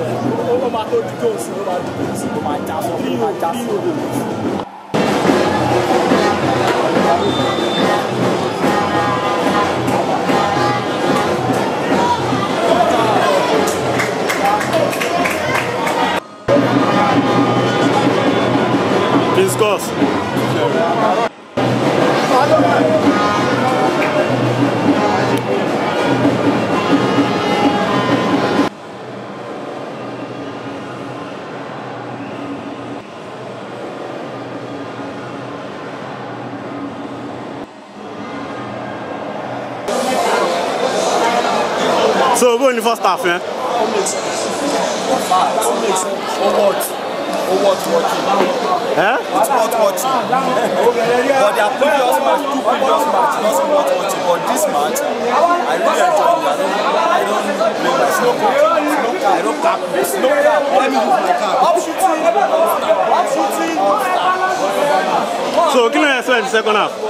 ó máa tó dúdú òsì ló máa dúdú òsì ló máa já sọ ló máa já sọ. so bó ni first half yẹn. ó make sense ó make sense ó worth ó worth watching. Eh? it's worth watching but their previous match two previous match not worth watching but this match I really enjoy it I don't I don't blame myself no cap no cap no cap let me move my cap up shooting up shooting. so kí ló yẹ sọ ẹ di second half.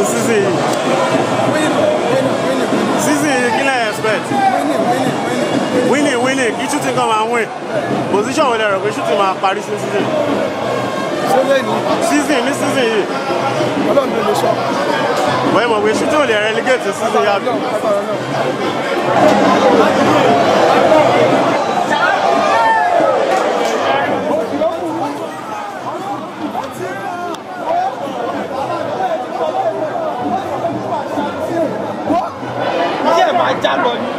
expect in season yìí. season yìí kí lẹ expect. winning winning kí ṣùtì kan máa win position wo lẹ rò pé ṣùtì máa parí sí season. season ní season yìí. ọlọ́run ló lè sọ. wọ́n mọ̀ pé ṣùtì ò lè relegate season yàtọ̀. 加入。